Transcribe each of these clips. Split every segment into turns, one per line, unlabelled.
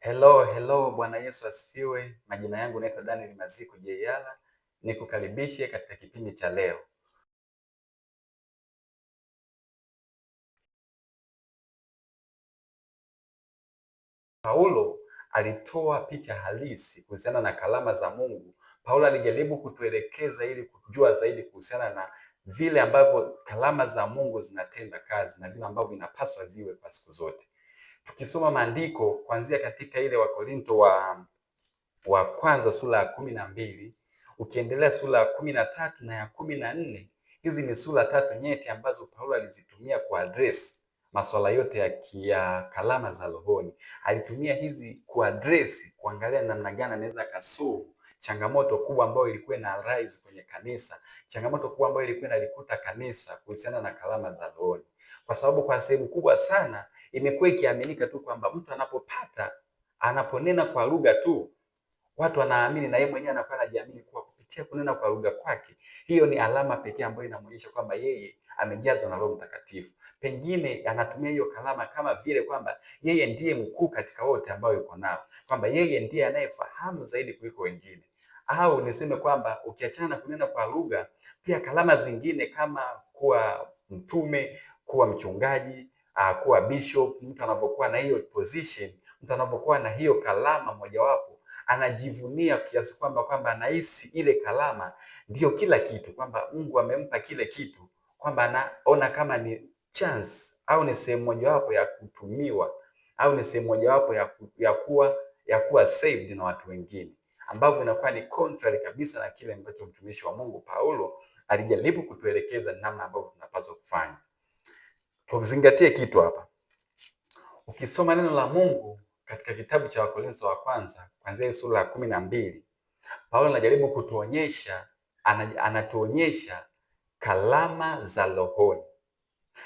Hello, hello, Bwana Yesu asifiwe. Majina yangu naitwa Daniel Maziku Jeyala, nikukaribishe katika kipindi cha leo. Paulo alitoa picha halisi kuhusiana na kalama za Mungu. Paulo alijaribu kutuelekeza ili kujua zaidi kuhusiana na vile ambavyo kalama za Mungu zinatenda kazi na vile ambavyo vinapaswa viwe kwa siku zote tukisoma maandiko kuanzia katika ile Wakorinto wa, wa kwanza sura ya kumi na mbili ukiendelea sura ya kumi na tatu na ya kumi na nne hizi ni sura tatu nyeti ambazo Paulo alizitumia address masuala yote ya, kia kalama za rohoni. Alitumia hizi address kuangalia namna gani anaweza kasuu changamoto kubwa ambayo ilikuwa na rise kwenye kanisa, changamoto kubwa ambayo ilikuwa inalikuta kanisa kuhusiana na kalama za rohoni, kwa sababu kwa sehemu kubwa sana imekuwa ikiaminika tu kwamba mtu anapopata anaponena kwa lugha tu watu wanaamini na yeye mwenyewe anakuwa anajiamini kuwa kupitia kunena kwa lugha kwake, hiyo ni alama pekee ambayo inamuonyesha kwamba yeye amejazwa na Roho Mtakatifu. Pengine anatumia hiyo kalama kama vile kwamba yeye ndiye mkuu katika wote ambao yuko nao, kwamba yeye ndiye anayefahamu zaidi kuliko wengine, au niseme kwamba ukiachana na kunena kwa lugha, pia kalama zingine kama kuwa mtume, kuwa mchungaji uh, kuwa bishop, mtu anavyokuwa na hiyo position, mtu anavyokuwa na hiyo kalama mojawapo, anajivunia kiasi kwamba kwamba anahisi ile kalama ndiyo kila kitu, kwamba Mungu amempa kile kitu, kwamba anaona kama ni chance au ni sehemu mojawapo ya kutumiwa au ni sehemu mojawapo ya, ku, ya kuwa ya kuwa saved na watu wengine, ambavyo inakuwa ni contrary kabisa na kile ambacho mtumishi wa Mungu Paulo alijaribu kutuelekeza namna ambavyo tunapaswa kufanya. Tuzingatie kitu hapa. Ukisoma neno la Mungu katika kitabu cha Wakorintho wa kwanza kuanzia sura ya kumi na mbili Paulo anajaribu kutuonyesha, anatuonyesha kalama za rohoni,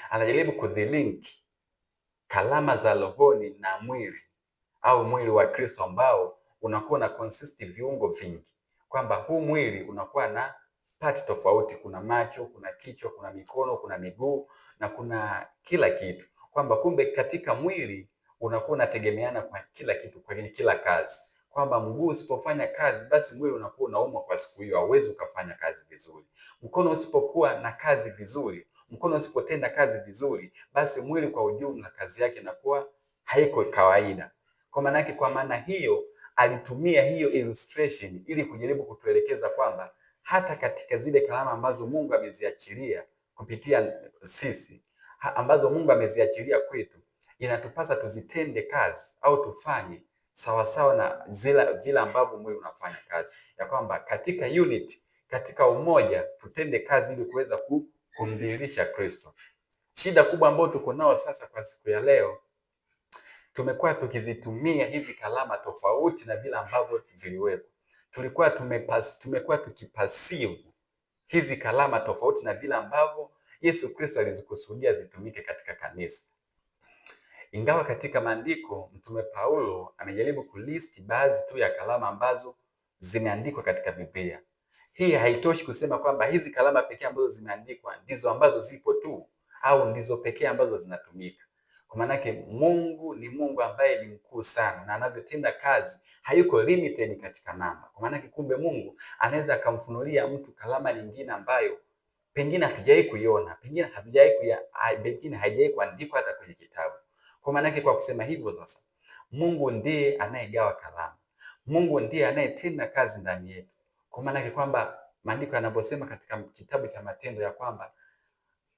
anajaribu kudhilink kalama za rohoni na mwili au mwili wa Kristo ambao unakuwa na consist viungo vingi, kwamba huu mwili unakuwa na part tofauti. Kuna macho, kuna kichwa, kuna mikono, kuna miguu, na kuna kila kitu, kwamba kumbe katika mwili unakuwa unategemeana kwa kila kitu, kwenye kila kazi, kwamba mguu usipofanya kazi, basi mwili unakuwa unauma kwa siku hiyo, hauwezi ukafanya kazi vizuri. Mkono usipokuwa na kazi vizuri, mkono usipotenda kazi vizuri, basi mwili kwa ujumla kazi yake inakuwa haiko kawaida. Kwa maana yake, kwa maana hiyo alitumia hiyo illustration ili kujaribu kutuelekeza kwamba hata katika zile karama ambazo Mungu ameziachilia kupitia sisi ambazo Mungu ameziachilia kwetu, inatupasa tuzitende kazi au tufanye sawasawa na zile vile ambavyo mwili unafanya kazi, ya kwamba katika unity, katika umoja tutende kazi ili kuweza kumdhihirisha Kristo. Shida kubwa ambayo tuko nao sasa kwa siku ya leo, tumekuwa tukizitumia hizi kalama tofauti na vile ambavyo viliwepo. Tulikuwa tumekuwa tukipasivu hizi kalama tofauti na vile ambavyo Yesu Kristo alizikusudia zitumike katika kanisa. Ingawa katika maandiko Mtume Paulo amejaribu kulisti baadhi tu ya kalama ambazo zimeandikwa katika Biblia. Hii haitoshi kusema kwamba hizi kalama pekee ambazo zimeandikwa ndizo ambazo zipo tu au ndizo pekee ambazo zinatumika. Kwa maanake Mungu ni Mungu ambaye ni mkuu sana na anavyotenda kazi hayuko limited katika namba. Kwa maanake kumbe Mungu anaweza akamfunulia mtu kalama nyingine ambayo pengine hatujawahi kuiona, pengine hatujawahi kuya, pengine haijawahi kuandikwa hata kwenye kitabu. Kwa maanake kwa kusema hivyo sasa, Mungu ndiye anayegawa kalama, Mungu ndiye anayetenda kazi ndani yetu. Kwa maanake kwamba maandiko yanaposema katika kitabu cha Matendo ya kwamba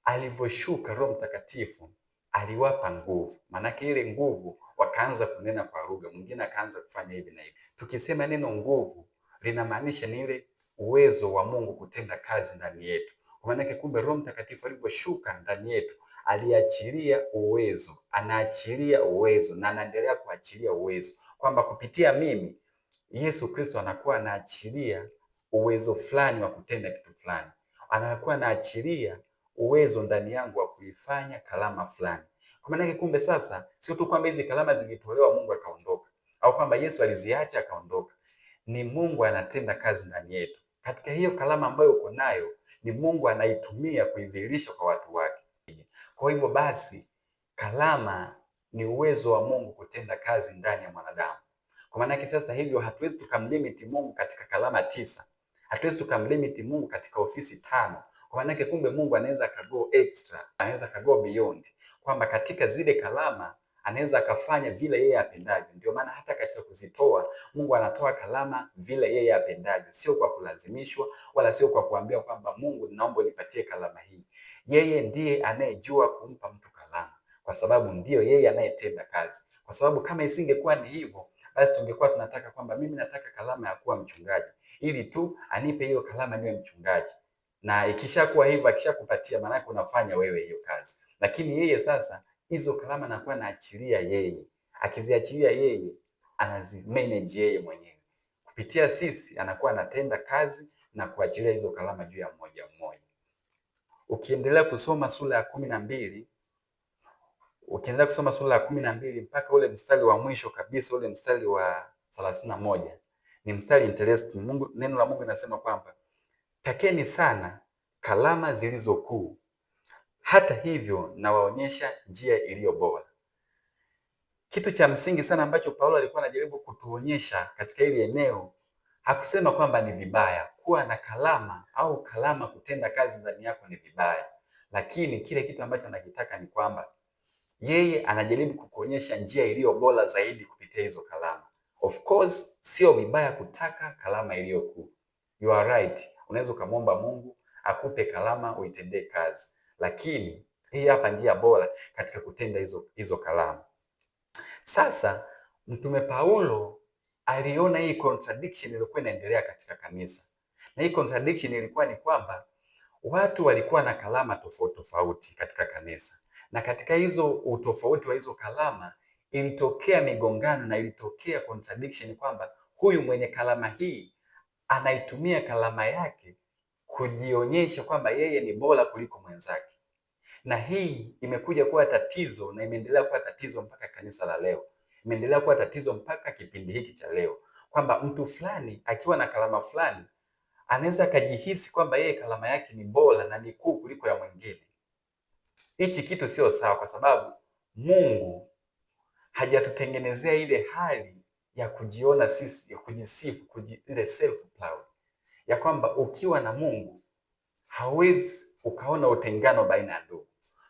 alivyoshuka Roho Mtakatifu aliwapa nguvu, maanake ile nguvu wakaanza kunena kwa lugha, mwingine akaanza kufanya hivi na hivi. Tukisema neno nguvu linamaanisha ni ile uwezo wa Mungu kutenda kazi ndani yetu, kwa maanake kumbe Roho Mtakatifu alivyoshuka ndani yetu aliachilia uwezo, anaachilia uwezo na anaendelea kuachilia uwezo, kwamba kupitia mimi Yesu Kristo anakuwa anaachilia uwezo fulani wa kutenda kitu fulani, anakuwa anaachilia uwezo ndani yangu wa kuifanya kalama fulani. Kwa maana kumbe sasa sio tu kwamba hizi kalama zilitolewa Mungu akaondoka au kwamba Yesu aliziacha akaondoka. Ni Mungu anatenda kazi ndani yetu. Katika hiyo kalama ambayo uko nayo ni Mungu anaitumia kuidhihirisha kwa watu wake. Kwa hivyo basi kalama ni uwezo wa Mungu kutenda kazi ndani ya mwanadamu. Kwa maana yake sasa, hivyo hatuwezi tukamlimiti Mungu katika kalama tisa, hatuwezi tukamlimiti Mungu katika ofisi tano, kwa maana yake kumbe Mungu anaweza kago extra, anaweza kago beyond, kwamba katika zile kalama anaweza akafanya vile yeye apendavyo. Ndio maana hata katika kuzitoa Mungu anatoa kalama vile yeye apendavyo, sio kwa kulazimishwa wala sio kwa kuambia kwamba Mungu, ninaomba nipatie kalama hii. Yeye ndiye anayejua kumpa mtu kalama, kwa sababu ndiyo yeye anayetenda kazi. Kwa sababu kama isingekuwa ni hivyo, basi tungekuwa tunataka kwamba mimi nataka kalama ya kuwa mchungaji, ili tu anipe hiyo kalama niwe mchungaji na ikishakuwa hivyo, akishakupatia maana yake unafanya wewe hiyo kazi, lakini yeye sasa hizo karama anakuwa naachilia yeye, akiziachilia yeye anazimanage yeye mwenyewe kupitia sisi, anakuwa anatenda kazi na kuachilia hizo kalama juu ya mmoja mmoja. Ukiendelea kusoma sura ya kumi na mbili ukiendelea kusoma sura ya kumi na mbili mpaka ule mstari wa mwisho kabisa, ule mstari wa thelathini na moja ni mstari interesting. Mungu, neno la Mungu linasema kwamba Takeni sana kalama zilizokuu hata hivyo nawaonyesha njia iliyo bora. Kitu cha msingi sana ambacho Paulo alikuwa anajaribu kutuonyesha katika hili eneo, hakusema kwamba ni vibaya kuwa na kalama au kalama kutenda kazi ndani yako ni vibaya, lakini kile kitu ambacho anakitaka ni kwamba yeye anajaribu kukuonyesha njia iliyo bora zaidi kupitia hizo kalama. Of course sio vibaya kutaka kalama iliyo kuu, you are right. Unaweza ukamwomba Mungu akupe kalama uitendee kazi, lakini hii hapa njia bora katika kutenda hizo hizo kalama. Sasa Mtume Paulo aliona hii contradiction iliyokuwa inaendelea katika kanisa, na hii contradiction ilikuwa ni kwamba watu walikuwa na kalama tofauti tofauti katika kanisa, na katika hizo utofauti wa hizo kalama ilitokea migongano na ilitokea contradiction kwamba huyu mwenye kalama hii anaitumia kalama yake kujionyesha kwamba yeye ni bora kuliko mwenzake, na hii imekuja kuwa tatizo na imeendelea kuwa tatizo mpaka kanisa la leo, imeendelea kuwa tatizo mpaka kipindi hiki cha leo, kwamba mtu fulani akiwa na kalama fulani anaweza akajihisi kwamba yeye kalama yake ni bora na ni kuu kuliko ya mwingine. Hichi kitu sio sawa, kwa sababu Mungu hajatutengenezea ile hali ya kujiona sisi ya kujisifu kuji, ile self proud ya kwamba ukiwa na Mungu hauwezi ukaona utengano baina ya ndugu.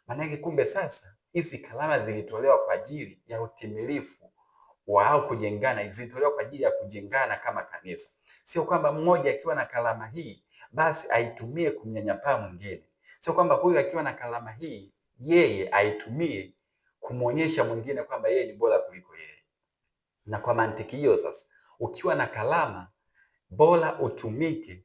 Maanake kumbe sasa hizi karama zilitolewa kwa ajili ya utimilifu wao kujengana, zilitolewa kwa ajili ya kujengana kama kanisa, sio kwamba mmoja akiwa na karama hii basi aitumie kumnyanyapaa mwingine, sio kwamba huyu akiwa na karama hii yeye aitumie kumwonyesha mwingine kwamba yeye ni bora. Na kwa mantiki hiyo sasa, ukiwa na kalama bora utumike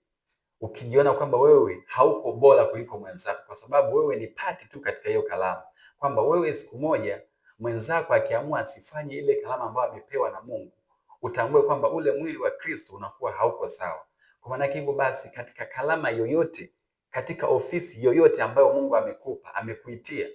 ukijiona kwamba wewe hauko bora kuliko mwenzako, kwa sababu wewe ni pati tu katika hiyo kalama kwamba wewe siku moja mwenzako akiamua asifanye ile kalama ambayo amepewa na Mungu, utambue kwamba ule mwili wa Kristo unakuwa hauko sawa. Kwa maana hivyo basi, katika kalama yoyote, katika ofisi yoyote ambayo Mungu amekupa, amekuitia,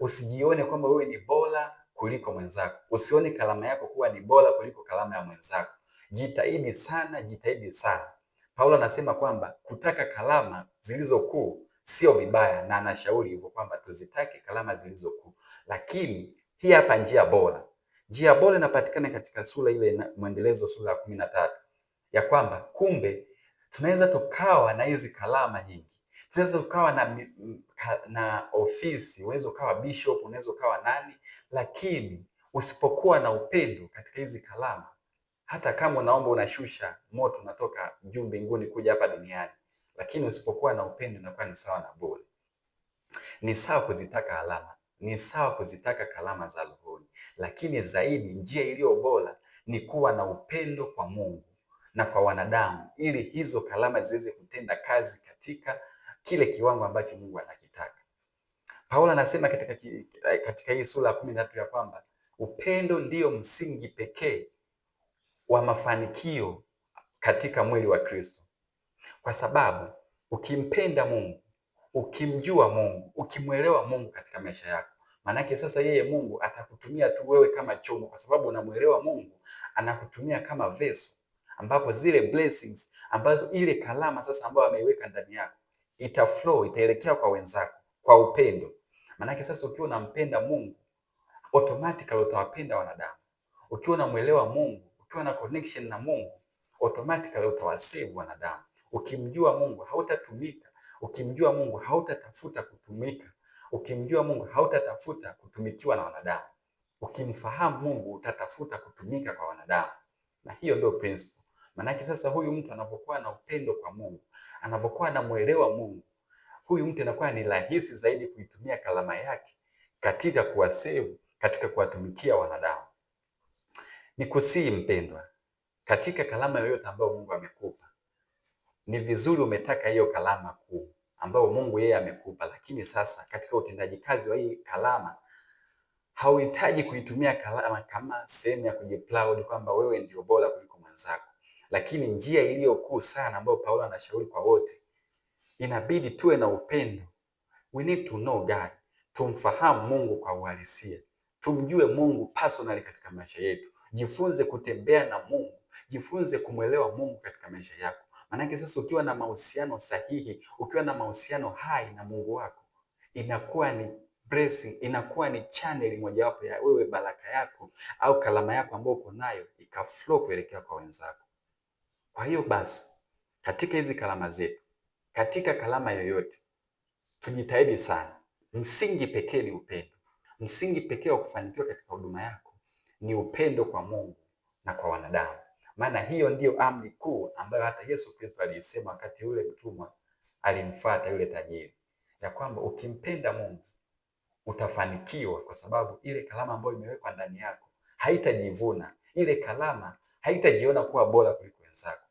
usijione kwamba wewe ni bora kuliko mwenzako. Usione karama yako kuwa ni bora kuliko kalama ya mwenzako. Jitahidi sana, jitahidi sana. Paulo anasema kwamba kutaka karama zilizokuu sio vibaya, na anashauri hivyo kwamba tuzitake karama zilizokuu, lakini hii hapa njia bora. Njia bora inapatikana katika sura ile Mwendelezo, sura ya kumi na tatu, ya kwamba kumbe tunaweza tukawa na hizi kalama nyingi unaweza ukawa na, na ofisi, unaweza ukawa bishop, unaweza ukawa nani, lakini usipokuwa na upendo katika hizi kalama, hata kama unaomba unashusha moto unatoka juu mbinguni kuja hapa duniani, lakini usipokuwa na upendo unakuwa ni sawa na bure. Ni sawa kuzitaka alama, ni sawa kuzitaka kalama za rohoni, lakini zaidi njia iliyo bora ni kuwa na upendo kwa Mungu na kwa wanadamu, ili hizo kalama ziweze kutenda kazi katika kile kiwango ambacho Mungu anakitaka. Paulo anasema katika, katika hii sura ya kumi na tatu ya kwamba upendo ndio msingi pekee wa mafanikio katika mwili wa Kristo, kwa sababu ukimpenda Mungu, ukimjua Mungu, ukimwelewa Mungu katika maisha yako, maanake sasa yeye Mungu atakutumia tu wewe kama chombo, kwa sababu unamwelewa Mungu, anakutumia kama veso ambapo zile blessings ambazo ile kalama sasa ambayo ameiweka ndani yako flow, itaelekea kwa wenzako kwa upendo. Maanake sasa ukiwa unampenda Mungu automatically utawapenda wanadamu. Ukiwa unamwelewa Mungu, ukiwa na connection na Mungu automatically utawasave wanadamu. Ukimjua Mungu hautatumika. Ukimjua Mungu hautatafuta kutumika. Ukimjua Mungu hautatafuta kutumikiwa na wanadamu. Ukimfahamu Mungu utatafuta kutumika kwa wanadamu, na hiyo ndio principle. Maanake sasa huyu mtu anavyokuwa na upendo kwa Mungu, anavyokuwa anamwelewa Mungu, huyu mtu anakuwa ni rahisi zaidi kuitumia kalama yake katika kuwasevu, katika kuwatumikia wanadamu. Ni Nikusii mpendwa, katika kalama yoyote ambayo Mungu amekupa, ni vizuri umetaka hiyo kalama kuu ambayo Mungu yeye amekupa, lakini sasa katika utendaji kazi wa hii kalama hauhitaji kuitumia kalama kama sehemu ya kujiplaud kwamba wewe ndio bora kuliko mwenzako. Lakini njia iliyokuu sana ambayo Paulo anashauri kwa wote, inabidi tuwe na upendo. We need to know God, tumfahamu Mungu kwa uhalisia, tumjue Mungu personally katika maisha yetu. Jifunze kutembea na Mungu, jifunze kumwelewa Mungu katika maisha yako. Maanake sasa ukiwa na mahusiano sahihi, ukiwa na mahusiano hai na Mungu wako, inakuwa ni blessing, inakuwa ni channel mojawapo ya wewe baraka yako au kalama yako ambayo uko nayo ikaflow kuelekea kwa wenzako. Kwa hiyo basi, katika hizi kalama zetu, katika kalama yoyote tujitahidi sana. Msingi pekee ni upendo. Msingi pekee wa kufanikiwa katika huduma yako ni upendo kwa Mungu na kwa wanadamu, maana hiyo ndiyo amri kuu ambayo hata Yesu Kristo aliisema wakati ule mtumwa alimfuata yule tajiri, ya kwamba ukimpenda Mungu utafanikiwa, kwa sababu ile kalama ambayo imewekwa ndani yako haitajivuna, ile kalama haitajiona kuwa bora kuliko wenzako.